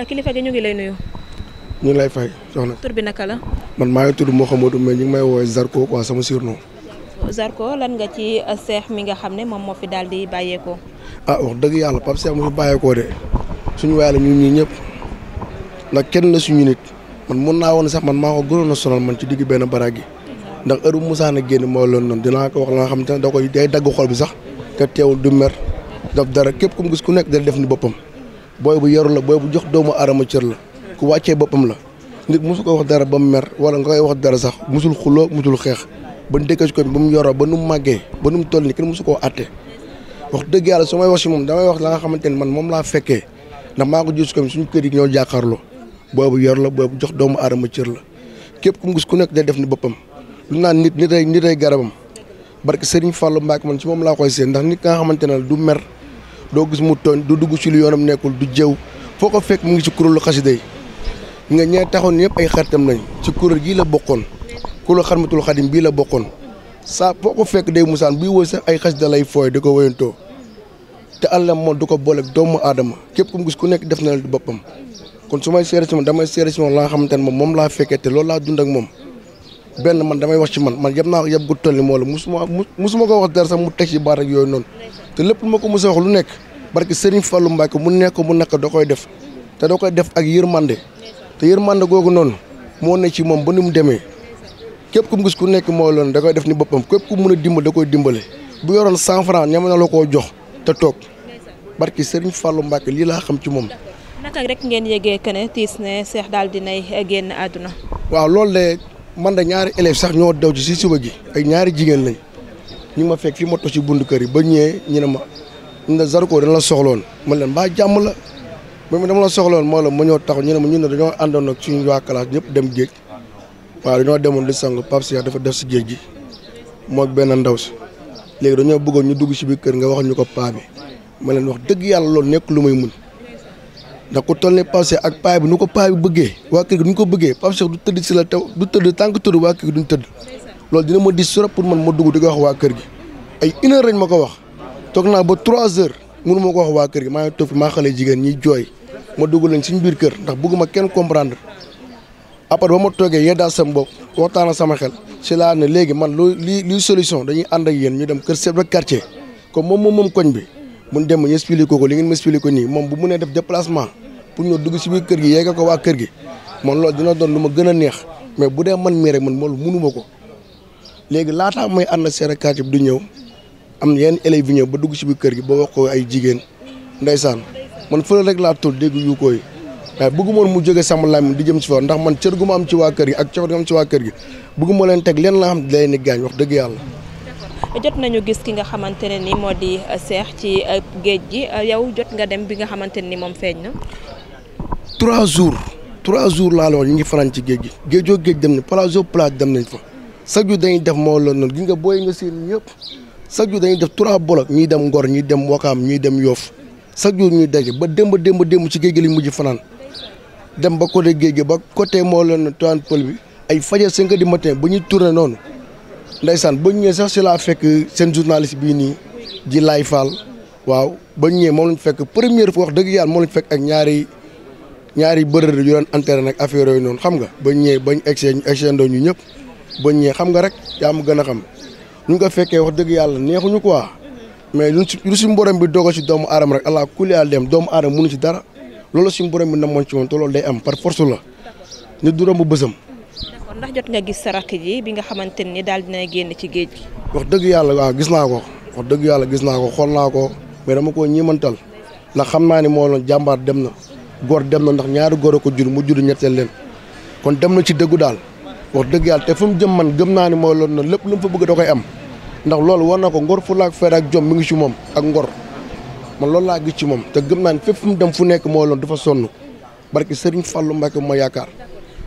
Euh, kilifa gi ñu ngi lay nuyu. ñu lay fay soxna. tur bi naka la. man maa ngi tudd Mouhamadou mais ñu ngi may woowee Zarko quoi sama noo Zarko lan nga ci euh, seex mi nga xam ne moom moo fi daal di bàyyeekoo. ah wax dëgg yàlla Pape Seex mu fi bàyyeekoo de suñu waay la ñun ñii ñëpp ndax kenn la suñu nit man mun naa woon sax man maa ko gënoon a sonal man ci digg benn baraag gi ndax ëru bu Moussa na génn moo loon noonu dinaa ko wax la nga xam te ne da koy day dagg xol bi sax te teewul du mer daf dara képp ku mu gis ku nekk day def ni boppam. booy bu yaru la booy bu jox doomu aadama cër la ku wàccee boppam la nit mosu ko wax dara ba mu mer wala nga koy wax dara sax musul xuloo musul xeex ba nu dëkkee ba mu yoroo ba nu mu màggee ba nu mu toll nii kenn mosu koo àtte wax dëgg yàlla su may wax si moom damay wax la nga xamante ni man moom laa fekkee ndax maa ko gis ko suñu kër yi ñoo jàkkaarloo booy yor la booy bu jox doomu aadama cër la képp ku mu gis ku nekk day def ni boppam lu naan nit nit ay nit ay garabam barke Serigne Fallou Mbacke man ci moom laa koy seen ndax nit nga xamante ne du mer doo gis mu tooñ du dugg ci lu yoonam nekkul du jëw foo ko fekk mu ngi ci kuréelu xasida yi nga ñee taxoon ñëpp ay xaritam lañ ci kuréel gii la bokkoon kuréelu xarmatul xadim bii la bokkoon saa foo ko fekk day musaan buy woy sax ay xasida lay fooy di ko woyantoo te àlla moom du ko booleeg doomu aadama képp ku mu gis ku nekk def na la boppam kon su may seere si moom damay seere si moom laa xamante ne moom laa fekkee te loolu laa dund ak moom benn man damay wax ci man man yëpp naa yëpp gu tolli moo la musuma musuma ko wax dara sax mu teg ci baat yooyu noonu te lépp ma ko mos a wax lu nekk barke Serigne Fallou Mbacke mu nekk mu nekk da koy def te da koy def ak yërmande te yërmande googu noonu moo ne ci moom ba ni mu demee képp ku mu gis ku nekk moo loon da koy def ni boppam képp ku mun a dimbal da koy dimbale bu yoroon cent franc ñeme na la koo jox te toog barke Serigne Fallou Mbacke lii laa xam ci moom. naka rek ngeen yëgee que ne ne Cheikh daal dinay génn àdduna. waaw loolu man da ñaari élève sax ñoo daw ci si suba gi ay ñaari jigéen lañ ñu ma fekk fi ma toog ci buntu kër yi ba ñëwee ñu ne ma ñu ne Zarko dana la soxloon man leen mbaa jàmm la man dama la soxloon moo la ma ñëw taxaw ñu ne ma ñun ne dañoo àndoon ak suñu waa classe ñëpp dem géej waaw dañoo demoon di sang Pape Cheikh dafa def si géej gi moo benn ndaw si léegi dañoo bëggoon ñu dugg si biir kër nga wax ñu ko paa bi ma leen wax dëgg yàlla loolu nekk lu may mun ndax ku toll ne Pape Cheikh ak paa bi nu ko paa bi bëggee waa kër gi nu ko bëggee Pape Cheikh du tëdd si la te du tëdd tant que tëdd waa kër gi duñ tëdd loolu dina ma dis sura pour man ma dugg di ko wax waa kër gi ay une heure ma ko wax toog naa ba trois heures mënu ma ko wax waa kër gi maa ngi toog fi maa xale jigéen ñi jooy ma dugg leen suñu biir kër ndax bëgguma kenn comprendre après ba ma toogee yeddaal sama bopp waxtaan ak sama xel si laa ne léegi man lu lii lii solution dañuy ànd yéen ñu dem kër chef de comme moom moom moom koñ bi mun dem ñu expliqué ko ko li ngeen ma expliqué ko moom bu munee def déplacement pour ñu dugg si biir kër gi yeggee ko waa kër gi man lool dina doon lu ma gën a neex mais bu dee man mii rek man loolu mënu ma ko léegi laata laataa may ànd seera quartier bi du ñëw am yenn élèves ñëw ba dugg si biir kër gi ba wax ko ay jigéen ndeysaan man fële rek laa toll dégg yu koy waaye bëgguma mu jóge sama làmmiñ di jëm si fa ndax man cër gu ma am ci waa kër gi ak cër gu am ci waa kër gi bëgguma leen teg leen la xam di leen ni gaañ wax dëgg yàlla. jot nañu gis ki nga xamante ne ni moo di seex ci euh, géej gi euh, yow jot nga dem bi nga xamante ne moom feeñ na. trois jours trois jours laa la wax ñu ngi fanaan ci géej gi géejoo géej dem ne palazzo plage dem nañ fa chaque jour dañuy def moo loolu noonu gi nga booy nga seen ñëpp chaque jour dañuy def trois bolo ñuy dem Ngor ñuy dem Wakaam ñuy dem Yoff chaque jour ñuy daje ba démb démb démb ci géej gi lañ mujj fanaan dem ba côté géej gi ba côté moo loolu tuwaan pël bi ay fajar cinq heures du matin ba ñuy tourné noonu ndaysaan ba ñu ñëwee sax si laa fekk seen journaliste bii nii ji laay faal waaw ba ñu fekk première wax dëgg yàlla moom lañ fekk ak ñaari ñaari bërër yu doon entraîné nag affaire yooyu noonu xam nga bañ ñëwee bañ egsee ñu egsee ndaw ñu ñëpp bañ ñëwee xam nga rek yaa ma gën a xam ñu ko fekkee wax dëgg yàlla neexuñu quoi mais lu si lu si mborom bi dogal si doomu aadama rek allah kulli al dem doomu aadama mënu si dara loolu si mborom bi namoon ci moom te loolu day am par force la nit du romb bësam. d'accord ndax jot nga gis sa rakk ji bi nga xamante ni daal dina génn ci géej gi. wax dëgg yàlla gis naa ko wax dëgg yàlla gis naa ko xool naa ko mais dama ko ñimantal ndax xam naa ni moo jàmbaar dem na góor dem na ndax ñaari góor a ko jur mu juru ñetteel leen kon dem na ci dëggu daal wax dëgg yàlla te fu mu jëm man gëm naa ni mooy loolu na lépp lu mu fa bëgg da koy am ndax loolu war na ko ngor fu ak feer ak jom mi ngi ci moom ak ngor ma loolu laa gis ci moom te gëm naa ni fépp fu mu dem fu nekk mooy loolu dafa sonn barki Serigne Fallou Mbacke ma yaakaar.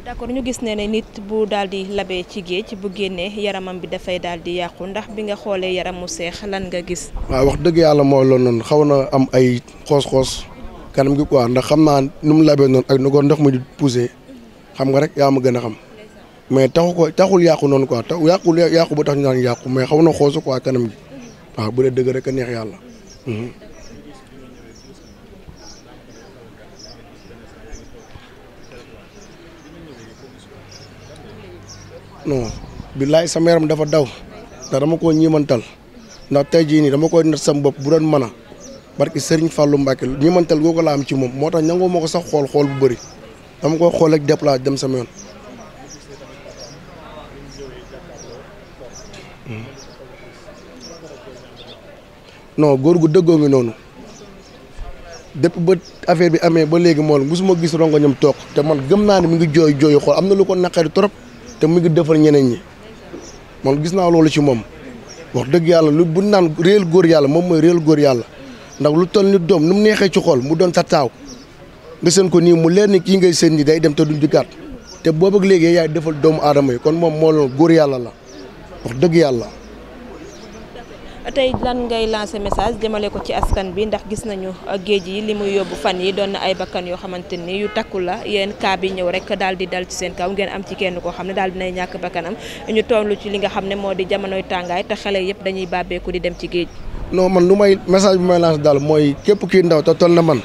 d'accord ñu gis ne ne nit bu daal di labee ci géej bu génnee yaramam bi dafay daal di yàqu ndax bi nga xoolee yaramu seex lan nga gis. waaw wax dëgg yàlla mooy loolu xaw na am ay xoos kanam gi quoi ndax xam naa nu mu labee noonu ak nu ko ndox mi di poussé xam nga rek yaa ma gën a xam mais taxu ko taxul yàqu noonu quoi taxul yàqu yàqu ba tax ñu naan yàqu mais xaw na xoosu quoi kanam gi bu dee dëgg rek a neex yàlla. Mhm. non billaay dafa daw ndax dama ko ñiimantal ndax tey jii nii dama koy nat sam bopp bu doon mën a barki Serigne Fallou Mbacke ñi mantal googu laa am ci moom moo tax nangoo ma ko sax xool xool bu bëri dama ko xool ak déplacé dem sama yoon. Hmm. non góor gu dëggoo ngi noonu depuis ba affaire bi amee ba léegi mool mosuma gis rongo ñam toog te man gëm naa ne mi ngi jooy jooyu xool am na lu ko naqari trop te mu ngi defal ñeneen ñi man gis naa loolu ci moom wax dëgg yàlla lu bu naan réel góor yàlla moom mooy réel góor yàlla. ndax lu toll ni doom nu mu neexee ci xool mu doon sa taaw nga seen ko nii mu leer ni kii ngay seen ni day dem te duñ dikkaat te boobu ak léegi yaay defal doomu aadama yi kon moom moo loon góor yàlla la wax dëgg yàlla. tey lan ngay lancé message jëmale ko ci askan bi ndax gis nañu géej yi li muy yóbbu fan yi doon na ay bakkan yoo xamante ni yu takku la yéen cas bi ñëw rek daal di dal ci seen kaw ngeen am ci kenn koo xam ne daal dinay ñàkk bakkanam ñu tollu ci li xam ne moo di jamonoy tàngaay te xale yëpp dañuy bàbbeeku di dem ci géej. non man lu may message bi may lancé daal mooy képp kii ndaw te na man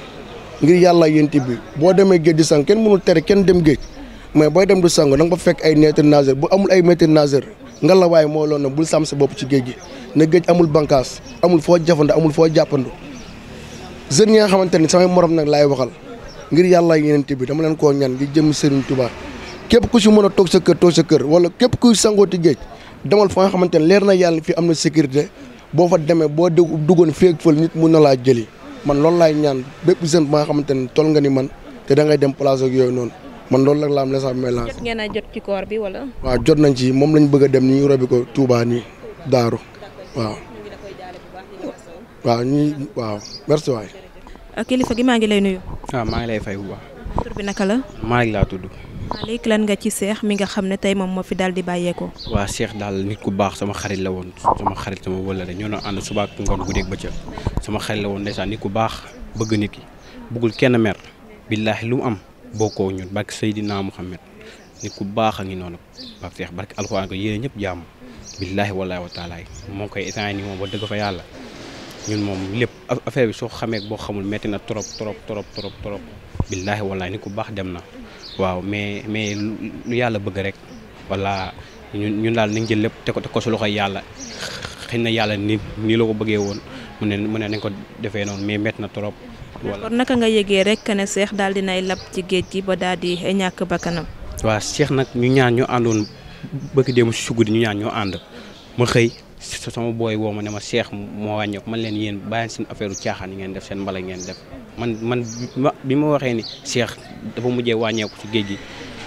ngir yàlla yénti bi boo demee géej di kenn mënul tere kenn dem géej mais booy dem du sango na nga fa fekk ay maître nageur amul ay maître nageur nga la na bul sàmm sa bopp ci géej gi ne géej amul bànqaas amul foo jafandu amul foo jàppandu jeunes yi xamante ni samay morom nag laay waxal ngir yàlla yenente bi dama leen koo ñaan ngir jëm Serigne Touba képp ku si mën a toog sa kër toog sa kër wala képp kuy sangooti géej demal fa nga xamante ne leer na yàlla fi am na sécurité boo fa demee boo dé duggoon fii ak fël nit mun na laa jëli man loolu laay ñaan bépp jeune maa nga xamante ne toll nga ni man te da dem place ak yooyu noonu man loolu la laa am message may lancé. jot ngeen a jot ci koor bi wala. waaw jot nañ ci moom lañu bëgg a dem nii robi ko Touba nii Daaru waaw. waaw ñuy waaw merci waay. kilifa gi maa ngi lay nuyu. waaw ah, maa ngi lay fay bu baax. tur naka la. Malick laa tudd. Malick lan nga ci Cheikh mi nga xam ne tey moom moo fi daal di bàyyeekoo. waa Cheikh daal nit ku baax sama xarit la woon sama xarit sama wëllare ñoo doon ànd suba ak ngoon guddeeg bëccëg sama xarit la woon ndeysaan nit ku baax bëgg nit ki bëggul kenn mer billaahi lu mu am bokkoo ñun barke Seydina Muhammad nit ku baax a ngi noonu Pape Cheikh barke alxuraan ko yéene ñëpp jàmm billaahi wallaahi wa taalaay moo koy état ni moom ba dëgg fa yàlla ñun moom lépp affaire bi soo xamee boo xamul metti na trop trop trop trop trop baax dem na waaw mais mais lu yàlla bëgg rek voilà ñun ñun daal nañ jël lépp te ko te ko su loxoy yàlla xëy na yàlla ni nii la ko bëggee woon mu ne mu ne nañ ko defee noonu mais métti na trop. kon naka nga yëgee rek ne Cheikh daal dinay lab ci géej gi ba daal di ñàkk ba kanam waaw Cheikh nag ñu ñaan ñoo àndoon bëgg dem si guddi ñu ñaan ñoo ànd ma xëy. sama booy woo ma ne ma seex moo wàññeeku man leen yéen bàyyi seen affaire caaxaan yi ngeen def seen mbala ngeen def man man bi ma waxee ni seex dafa mujjee wàññeeku ci géej gi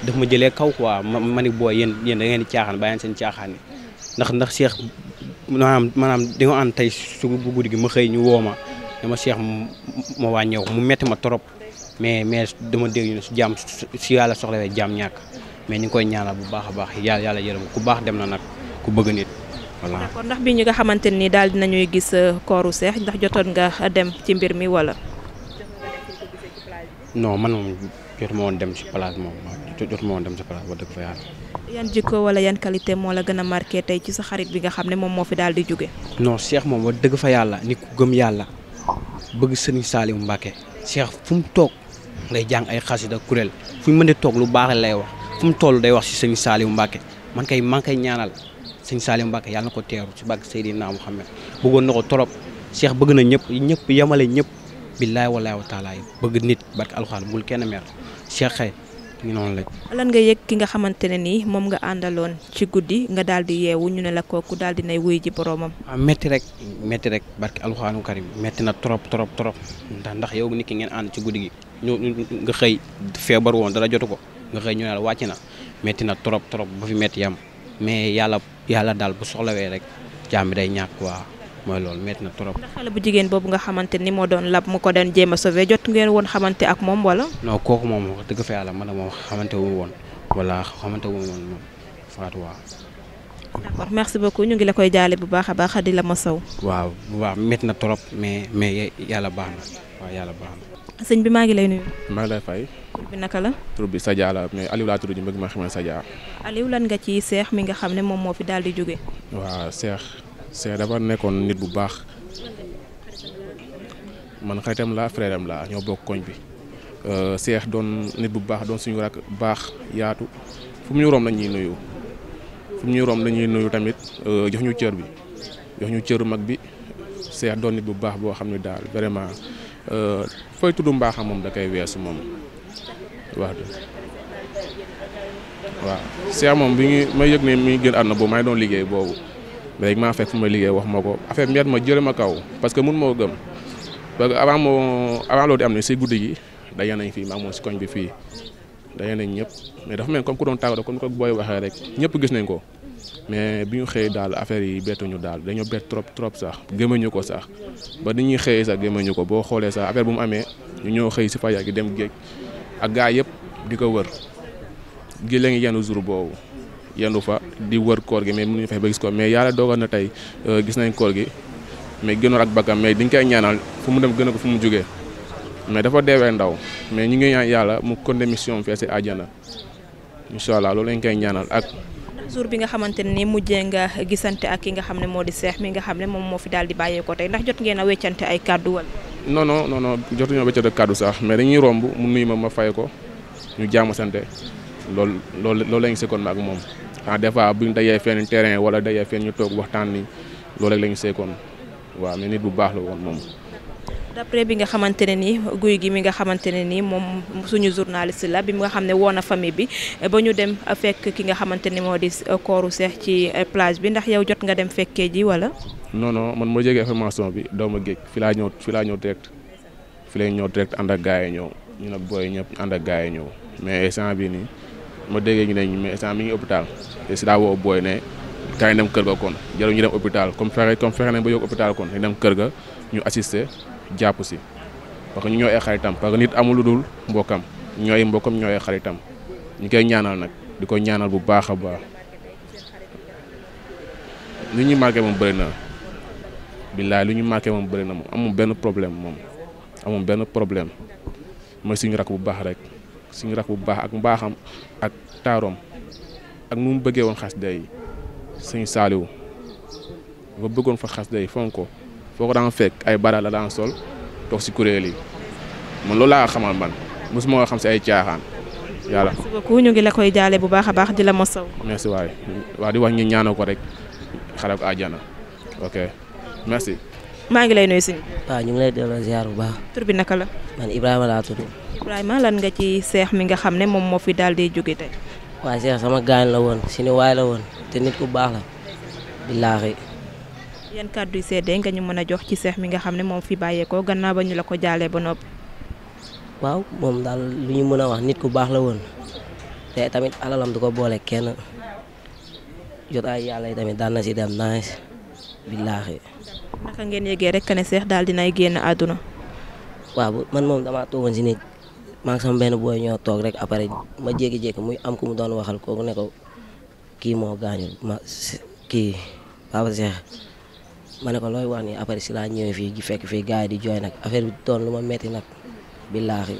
daf ma jëlee kaw quoi ma ma ni booy yéen yéen da ngeen di caaxaan seen caaxaan yi ndax ndax seex maanaam maanaam dañoo ànd tey su bu guddi gi ma xëy ñu woo ma ne ma seex ma wàññeeku mu metti ma trop mais mais dama dégg ñu su jàmm si yàlla soxla soxlawee jàmm ñàkk mais ñu koy ñaanal bu baax a baax yàlla yàlla yërëm ku baax dem na nag ku bëgg nit voilà d'accord ndax bi ñi nga xamante ni daal dinañuy gis euh, kooru seex ndax jotoon nga dem ci mbir mi wala. noo man moom jotuma woon dem si place moom jot moo dem si place ba dëgg fa yàlla. yan jikko wala yan qualité moo la gën a marqué tey ci sa xarit bi nga xam ne moom moo fi daal di jóge. noo Cheikh moom wax dëgg fa yàlla ni ku gëm yàlla bëgg sëriñ Saliou Mbacké Cheikh fu mu toog ngay jàng ay xas da kuréel fu mu mën di toog lu baax lay wax fu mu toll day wax si sëriñ Saliou Mbacké man kay man kay sëñ Salim Mbacke yàlla na ko teeru ci Mbacke Seydina Mouhamed bëggoon na ko trop Cheikh bëgg na ñëpp ñëpp yemale ñëpp billaay walaay wa taalaay bëgg nit barke alxuraan bul kenn meer Cheikh xëy ñu noonu la. lan nga yëg ki nga xamante ne nii moom nga àndaloon ci guddi nga daal di yeewu ñu ne la kooku daal di nay wuy ji boroomam. ah métti rek métti rek barke alxuraanu karim métti na trop trop trop ndax ndax yow nit ki ngeen ànd ci guddi gi ñu nga xëy feebar woon dara jotu ko nga xëy ñu ne la wàcc na métti na trop trop ba fi métti yam mais yàlla yàlla daal bu soxlawee rek jaam bi day ñàkk waa mooy loolu met na trop. ndax bu jigéen boobu nga xamante ni moo doon lab mu ko doon jéem a sauver jot ngeen woon xamante ak moom wala. non kooku moom wax dëgg fa yàlla man moom xamante wu woon wala xamante wu woon moom Fatou waaw. d'accord merci ñu ngi la koy jaale bu baax a baax di la ma saw. waaw bu baax métti na trop mais mais yàlla baax na waa yàlla baax na. sëñ bi maa ngi lay nuyu. maa lay fay. naka la. tur bi Sadia la mais ñu bëgg ma xamal Sadia. Aliou lan nga ci seex mi nga xam ne moom moo fi daal di jóge. waaw seex seex dafa nekkoon nit bu baax man xaritam la frère am la ñoo bokk koñ bi euh, seex doon nit bu baax doon suñu rak baax yaatu fu mu ñu rom lañuy nuyu fu mu ñu rom lañuy nuyu tamit euh, jox ñu cër bi yox ñu cëru mag bi seex doon nit bu baax boo xam ne daal vraiment. Euh, fooy tudd mbaaxam moom da koy weesu moom wax dëgg waaw moom bi ñu ma yëg ne muy ngi gën na boobu may ngi doon liggéey boobu léegi maa fekk fu ma liggéey wax ma ko affaire bi ma jëlee ma kaw parce que mun moo gëm parce que avant moo avant loolu di am ne si guddi gi daje nañ fii maa moom si koñ bi fii daje nañ ñëpp mais dafa mel comme ku doon tàggatoo comme ni ko booy waxee rek ñëpp gis nañ ko. mais bi ñu xëyee daal affaire yi bettuñu daal dañoo bett trop trop sax gémmañu ko sax ba dañuy xëyee sax gémmañu ko boo xoolee sax affaire bu mu amee ñu ñëw xëy si fajar gi dem géej ak gaa yëpp di ko wër gi la ngi yenn jour boobu yendu fa di wër koor gi mais mënuñu fexe ba gis ko mais yàlla doogal na tey euh, gis nañ koor gi mais génnoon ak bakkam mais dañ koy ñaanal fu mu dem gën a ko fu mu jógee mais dafa deewee ndaw mais ñu ngi ñaan yàlla mu condé mission si àjjana incha allah loolu lañ koy ñaanal ak jour bi nga xamante ne ni mujjee nga gisante ak ki nga xam ne moo di seex mi nga xam ne moom moo fi daal di bàyyeekoo tey ndax jot ngeen a weccante ay kaddu wala. non non non non jotuñoo weccante kàddu sax mais dañuy romb mu nuyu ma ma fay ko ñu jaamu sante loolu loolu loolu la ñu sekoon ma ak moom ah des fois buñ dajee fenn terrain wala dajee fenn ñu toog waxtaan ni lool rek la ñu sekoon waaw mais nit bu baax la woon moom. d'après bi nga xamante ne ni guy gi mi nga xamante ne ni moom suñu journaliste la bi nga xam ne woon na famille bi ba ñu dem fekk ki nga xamante ni moo di euh, kooru seex ci euh, plage bi ndax yow jot nga dem fekkee ji wala. non non man moo jege information bi doomu géej fi laa ñëw fi laa ñëw direct fi lay ñëw direct ànd ak gars yi ñëw ñu ne booy ñëpp ànd ak gars yi ñëw mais instant bii nii ma déggee ñu ne ñu mais instant mi ngi hôpital te si booy ne kaay dem kër ga kon jarul ñu dem hôpital comme fexe comme fexe nañ ba yóbbu hôpital kon ñu dem kër ga ñu assister. jàpp si parce que ñu ñooy ay xaritam parce que nit amul lu dul mbokkam ñooy mbokkam ñooy xaritam ñu koy ñaanal nag di ko ñaanal bu baax a baax lu ñuy marqué moom bëri na billaay lu ñuy marqué moom bëri na moom amul benn problème moom amul benn problème mooy suñu rakk bu baax rek suñu rakk bu baax ak mbaaxam ak taaroom ak nu mu bëggee woon xas day suñu saaliw ba bëggoon fa xas day fonk ko foo ko daan fekk ay bara la daan sol toog si kuréel yi man loolu laa xamal man mosuma nga xam si ay caaxaan. yàlla merci beaucoup ñu ngi la koy bu baax a baax di la mosaw. merci waay waa di wax ñu ñaanal ko rek xaaral ko àjjana ok merci. ngi lay nuyu si. waaw ñu ngi lay delloo ziar bu baax. tur bi la. man Ibrahima laa tudd. Ibrahima mi nga xam ne moom moo fi dal di jóge tey. waa seex sama gaañ la woon suñu waay la woon te nit ku baax la billaahi yan kàddu yi seede nga ñu mën a jox ci seex mi nga xam ne moom fi bàyyeekoo gannaaw ba ñu la ko jaalee ba noppi. waaw moom daal lu ñu mën a wax nit ku baax la woon te tamit alalam du ko boole kenn jot ay yàlla yi tamit daan na si dem naa billaahi naka ngeen yëgee rek ne seex daal dinay génn àdduna. waaw man moom damaa si néeg maa sama benn booy ñoo toog rek après ma jékki-jékki muy am ku mu doon waxal kooku ne ko kii moo gaañul ma kii Papa Cheikh ma ne ko looy wax nii après si laa ñëwee fii gi fekk fii gars yi di jooy nag affaire bi doon lu ma metti nag billaahi.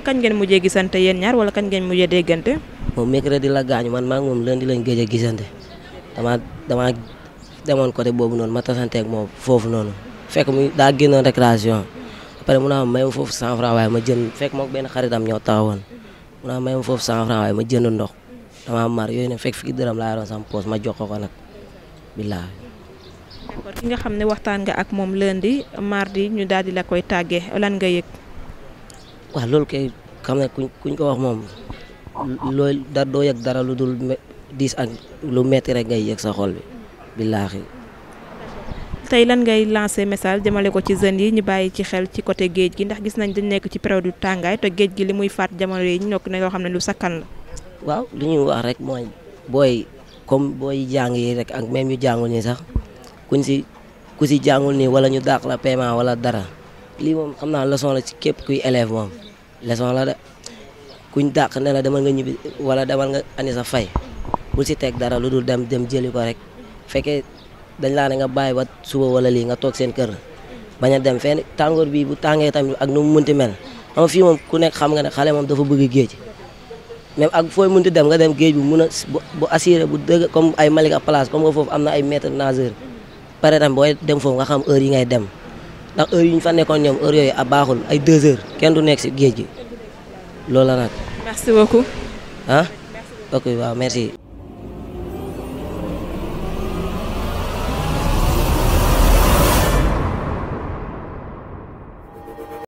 kañ ngeen mujjee gisante yéen ñaar wala kañ ngeen mujjee déggante. moom mercredi la gaañu man maa ngi moom lundi lañ a gisante damaa damaa demoon côté boobu noonu ma tasanteeg moom foofu noonu fekk mu daa génnoon récréation après mun naa may ma foofu 100 francs waaye ma jënd fekk moom benn xaritam ñoo taxawoon mun naa may ma foofu ma jënd ndox damaa mar yooyu ne fekk fii dërëm laa yoroon sama poos ma jox ko ko nag billaahi. d'accord ki nga xam ne waxtaan nga ak moom lundi mardi ñu daal di la koy tàggee lan nga yëg. waaw loolu kay xam ne kuñ ko wax moom loolu da doo yëg dara lu dul diis ak lu metti rek ngay yëg sa xol bi yi tey lan ngay lancé message jëmale ko ci jeunes yi ñu bàyyi ci xel ci côté géej gi ndax gis nañ dañ nekk ci période tàngaay te géej gi li muy faat jamono yi ñu nokk na yoo xam ne lu sakkan la. waaw li ñuy wax rek mooy booy comme booy jàng yi rek ak même ñu jàngu ñi sax kuñ si ku si jàngul nii wala ñu dàq la paiement wala dara lii moom xam naa leçon la ci képp kuy élève moom leçon la de kuñ dàq ne la demal nga ñibbi wala demal nga andi sa fay bul si teg dara lu dul dem dem jëli ko rek fekkee dañ laa ne nga bàyyi ba suba wala lii nga toog seen kër bañ a dem fenn tàngoor bii bu tàngee tamit ak nu mu munti mel xam nga fii moom ku nekk xam nga ne xale moom dafa bëgg géej même ak fooy munti dem nga dem géej bu mun a bu assuré bu dëgg comme ay Malika Place comme foofu am na ay pare tam booy dem foofu nga xam heure yi ngay dem ndax heure yi ñu fa nekkoon ñoom heure yooyu a baaxul ay deux heures kenn du nekk si géej gi la nag. merci beaucoup. ah ok waaw merci.